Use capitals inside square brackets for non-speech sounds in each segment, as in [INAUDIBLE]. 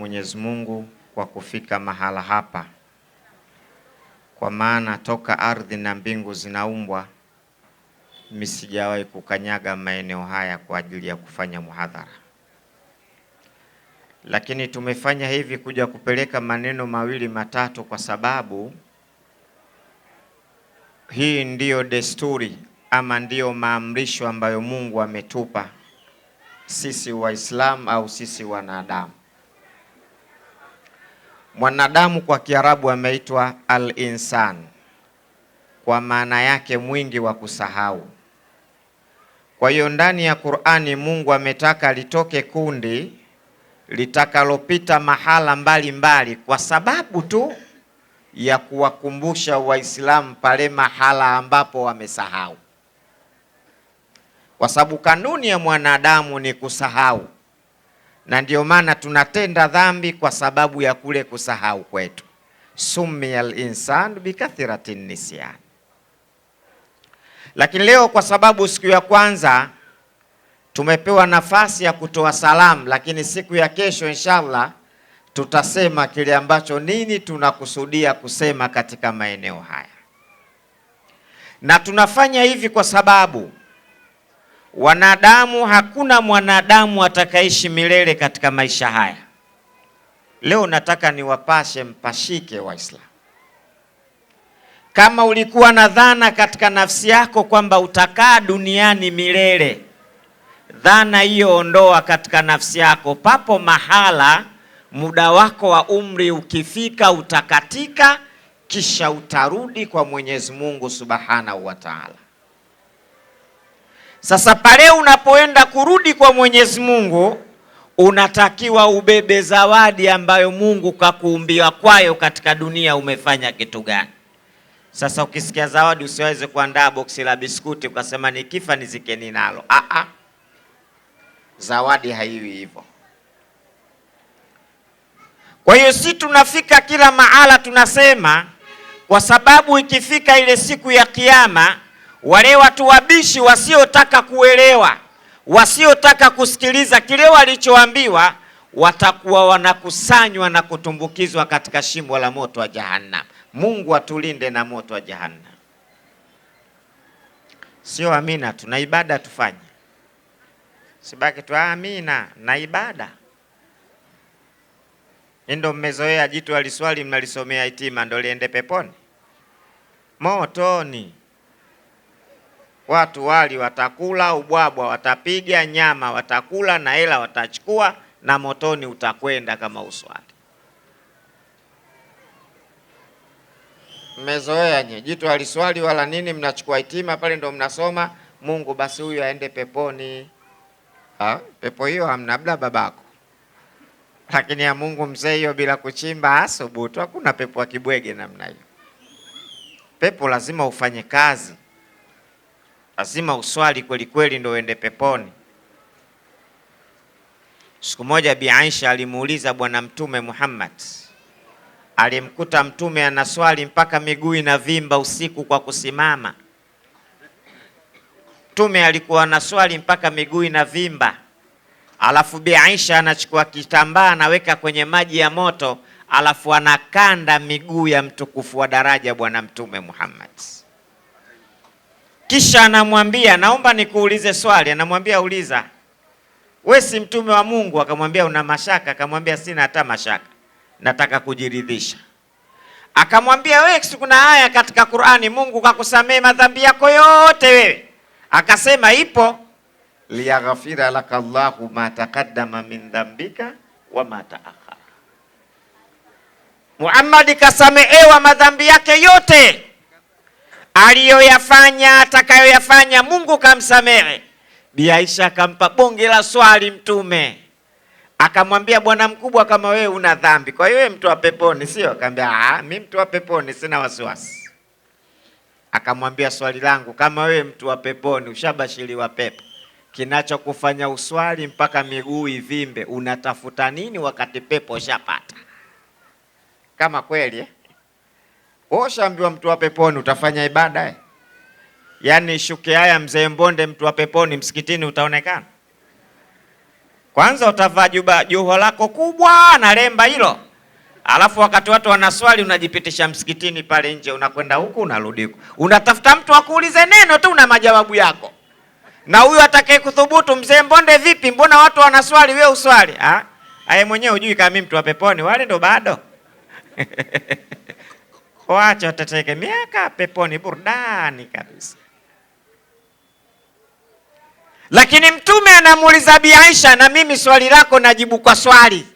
Mwenyezi Mungu kwa kufika mahala hapa, kwa maana toka ardhi na mbingu zinaumbwa misijawahi sijawahi kukanyaga maeneo haya kwa ajili ya kufanya muhadhara, lakini tumefanya hivi kuja kupeleka maneno mawili matatu, kwa sababu hii ndiyo desturi ama ndiyo maamrisho ambayo Mungu ametupa sisi Waislamu au sisi wanadamu. Mwanadamu kwa Kiarabu ameitwa al-insan kwa maana yake mwingi wa kusahau. Kwa hiyo ndani ya Qur'ani Mungu ametaka litoke kundi litakalopita mahala mbalimbali mbali, kwa sababu tu ya kuwakumbusha Waislamu pale mahala ambapo wamesahau, kwa sababu kanuni ya mwanadamu ni kusahau na ndio maana tunatenda dhambi kwa sababu ya kule kusahau kwetu. Sumial insan bikathiratin nisyan. Lakini leo kwa sababu siku ya kwanza tumepewa nafasi ya kutoa salamu, lakini siku ya kesho inshallah tutasema kile ambacho nini tunakusudia kusema katika maeneo haya, na tunafanya hivi kwa sababu wanadamu, hakuna mwanadamu atakayeishi milele katika maisha haya. Leo nataka niwapashe mpashike Waislamu, kama ulikuwa na dhana katika nafsi yako kwamba utakaa duniani milele, dhana hiyo ondoa katika nafsi yako. Papo mahala muda wako wa umri ukifika utakatika, kisha utarudi kwa Mwenyezi Mungu Subhanahu wa Ta'ala. Sasa pale unapoenda kurudi kwa Mwenyezi Mungu unatakiwa ubebe zawadi ambayo Mungu kakuumbia kwayo katika dunia. Umefanya kitu gani? Sasa ukisikia zawadi usiweze kuandaa boksi la biskuti ukasema nikifa nizike ninalo. Ah ah. Zawadi haiwi hivyo. Kwa hiyo si tunafika kila mahala tunasema, kwa sababu ikifika ile siku ya kiyama wale watu wabishi wasiotaka kuelewa, wasiotaka kusikiliza kile walichoambiwa, watakuwa wanakusanywa na kutumbukizwa katika shimo la moto wa Jahannam. Mungu atulinde na moto wa Jahannam. Sio amina tu na ibada tufanye, sibaki tu amina na ibada. Ndio mmezoea jitu aliswali mnalisomea itima, ndo liende peponi motoni watu wali watakula, ubwabwa watapiga, nyama watakula, na hela watachukua, na motoni utakwenda kama uswali. Mmezoea nye jitu aliswali wala nini, mnachukua hitima pale ndo mnasoma Mungu basi huyu aende peponi. Ha? Pepo hiyo hamna, bla babako, lakini ya Mungu mzee hiyo bila kuchimba asubutu. Hakuna pepo ya kibwege namna hiyo. Pepo lazima ufanye kazi lazima uswali kweli kweli ndio uende peponi. Siku moja Bi Aisha alimuuliza Bwana Mtume Muhammad, alimkuta Mtume anaswali mpaka miguu inavimba usiku kwa kusimama. Mtume alikuwa anaswali mpaka miguu inavimba, alafu Bi Aisha anachukua kitambaa anaweka kwenye maji ya moto, alafu anakanda miguu ya mtukufu wa daraja Bwana Mtume Muhammad kisha anamwambia naomba nikuulize swali. Anamwambia uliza. We si mtume wa Mungu? Akamwambia una mashaka? Akamwambia sina hata mashaka, nataka kujiridhisha. Akamwambia we kuna aya katika Qur'ani Mungu kakusamehe madhambi yako yote wewe? Akasema ipo, liyaghfira laka llahu ma taqaddama min dhambika wa ma taakhara. Muhammad kasamehewa madhambi yake yote aliyoyafanya atakayoyafanya Mungu kamsamehe. Bi Aisha akampa bonge la swali Mtume, akamwambia bwana mkubwa, kama wewe una dhambi, kwa hiyo mtu wa peponi sio? Akamwambia ah, mimi mtu wa peponi, sina wasiwasi. Akamwambia swali langu, kama wewe mtu wa peponi, ushabashiriwa pepo, kinachokufanya uswali mpaka miguu ivimbe, unatafuta nini wakati pepo ushapata? Kama kweli eh? Ushaambiwa mtu wa peponi utafanya ibada eh? Yaani shuke haya mzee Mbonde, mtu wa peponi msikitini utaonekana? Kwanza utavaa juba joho lako kubwa na lemba hilo, alafu wakati watu wanaswali unajipitisha msikitini pale nje, unakwenda huku unarudi huku, unatafuta mtu akuulize neno tu na majawabu yako. Na huyu atakaye kuthubutu, mzee Mbonde vipi, mbona watu wanaswali wewe uswali? Ah, aye mwenyewe ujui kama mimi mtu wa peponi, wale ndo bado [LAUGHS] wacho wateteke miaka peponi, burudani kabisa. Lakini mtume anamuuliza Bi Aisha, na mimi swali lako najibu kwa swali.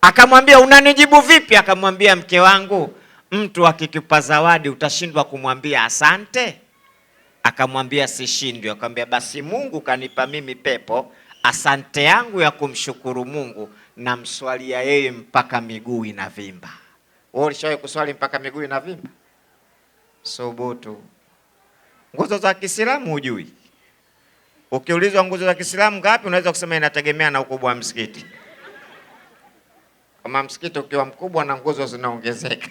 Akamwambia, unanijibu vipi? Akamwambia, mke wangu, mtu akikupa zawadi utashindwa kumwambia asante? Akamwambia, sishindwi. Akamwambia, basi Mungu kanipa mimi pepo, asante yangu ya kumshukuru Mungu namswalia yeye mpaka miguu inavimba. Wewe ulishawahi kuswali mpaka miguu inavimba? Subutu. Nguzo za Kiislamu hujui. Ukiulizwa nguzo za Kiislamu ngapi, unaweza kusema inategemea na ukubwa wa msikiti. Kama msikiti ukiwa mkubwa na nguzo zinaongezeka,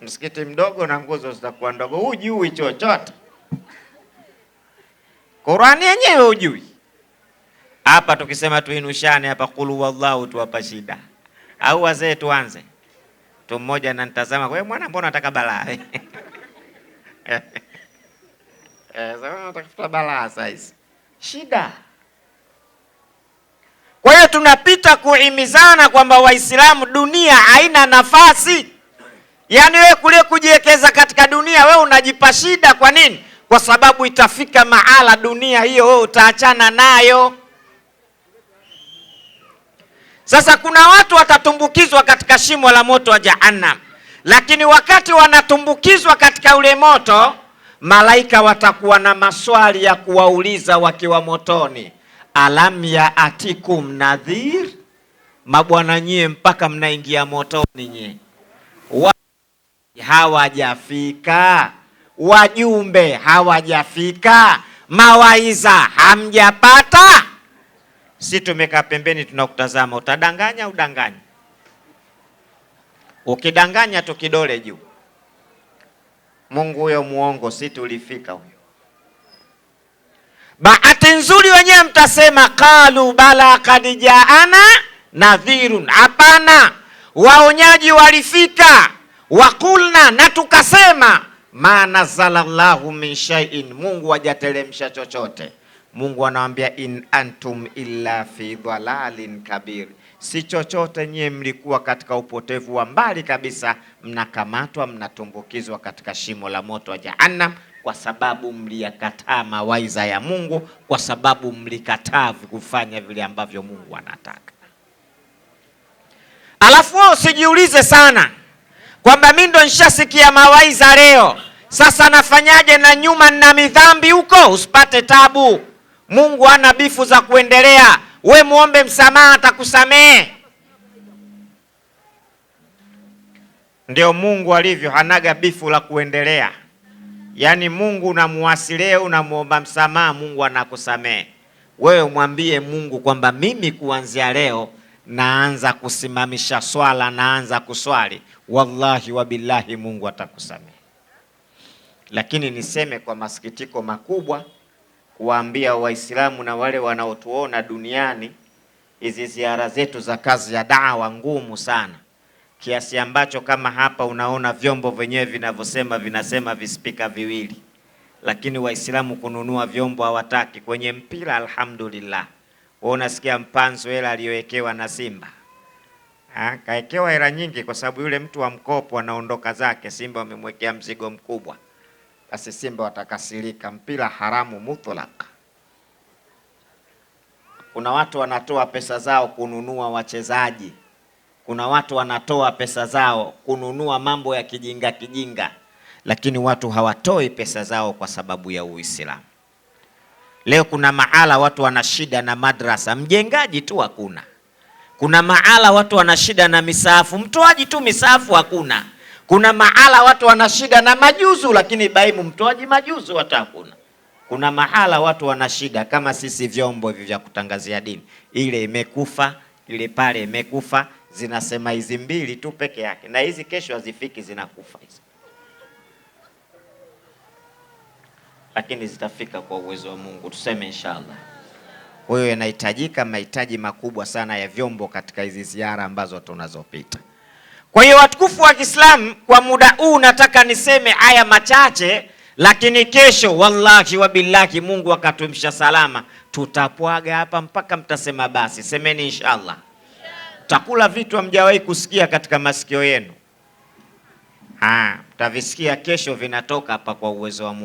msikiti mdogo na nguzo zitakuwa ndogo. Hujui chochote, Qurani yenyewe hujui. Hapa tukisema tuinushane hapa, kulu wallahu, tuwapa shida au wazee tuanze mtu mmoja ananitazama, wewe mwana, mbona unataka balaa? [LAUGHS] Eh, Unatafuta balaa saizi, shida. Kwa hiyo tunapita kuhimizana kwamba Waislamu, dunia haina nafasi. Yaani wewe kule kujiwekeza katika dunia, wewe unajipa shida. Kwa nini? Kwa sababu itafika mahala dunia hiyo wewe utaachana nayo. Sasa kuna watu watatumbukizwa katika shimo la moto wa Jahannam, lakini wakati wanatumbukizwa katika ule moto, malaika watakuwa na maswali ya kuwauliza wakiwa motoni, alam ya atikum nadhir, mabwana nyie mpaka mnaingia motoni nyie wa hawajafika wajumbe hawajafika, mawaiza hamjapata si tumekaa pembeni tunakutazama, utadanganya udanganya. Ukidanganya tu kidole juu, Mungu huyo muongo, si tulifika huyo. Bahati nzuri wenyewe mtasema qalu bala kad jaana nadhirun, hapana, waonyaji walifika, wakulna na tukasema ma nazala llahu min shaiin, Mungu hajateremsha chochote Mungu anawaambia in antum illa fi dhalalin kabir, si chochote nyie, mlikuwa katika upotevu wa mbali kabisa, mnakamatwa mnatumbukizwa katika shimo la moto wa Jahannam kwa sababu mliyakataa mawaidha ya Mungu, kwa sababu mlikataa kufanya vile ambavyo Mungu anataka. Alafu wewe usijiulize sana kwamba mimi ndo nishasikia mawaidha leo, sasa nafanyaje na nyuma nina midhambi huko, usipate tabu. Mungu hana bifu za kuendelea. We muombe msamaha, atakusamehe. Ndio Mungu alivyo, hanaga bifu la kuendelea. Yaani Mungu unamuasi leo, unamuomba msamaha, Mungu anakusamehe. Wewe mwambie Mungu kwamba mimi kuanzia leo naanza kusimamisha swala, naanza kuswali. Wallahi wa billahi Mungu atakusamehe. Lakini niseme kwa masikitiko makubwa kuwaambia Waislamu na wale wanaotuona duniani, hizi ziara zetu za kazi ya dawa ngumu sana, kiasi ambacho kama hapa unaona vyombo vyenyewe vinavyosema vinasema vispika viwili, lakini Waislamu kununua vyombo hawataki. Kwenye mpira alhamdulillah, wewe unasikia mpanzo hela aliyowekewa na Simba ha, kaekewa hela nyingi, kwa sababu yule mtu wa mkopo anaondoka zake, Simba wamemwekea mzigo mkubwa basi Simba watakasirika. Mpira haramu mutlak. Kuna watu wanatoa pesa zao kununua wachezaji, kuna watu wanatoa pesa zao kununua mambo ya kijinga kijinga, lakini watu hawatoi pesa zao kwa sababu ya Uislamu. Leo kuna mahala watu wana shida na madrasa, mjengaji tu hakuna. Kuna mahala watu wana shida na misaafu, mtoaji tu misaafu hakuna. Kuna mahala watu wana shida na majuzu, lakini baimu mtoaji majuzu hata hakuna. Kuna mahala watu wana shida kama sisi vyombo hivi vya kutangazia dini, ile imekufa ile pale imekufa, zinasema hizi mbili tu peke yake, na hizi kesho hazifiki, zinakufa hizi, lakini zitafika kwa uwezo wa Mungu, tuseme inshallah. Kwa hiyo yanahitajika mahitaji makubwa sana ya vyombo katika hizi ziara ambazo tunazopita. Kwa hiyo watukufu wa Kiislamu, kwa muda huu nataka niseme haya machache, lakini kesho, wallahi wa billahi Mungu akatumsha salama, tutapwaga hapa mpaka mtasema basi. Semeni inshallah, takula vitu hamjawahi kusikia katika masikio yenu, mtavisikia kesho, vinatoka hapa kwa uwezo wa Mungu.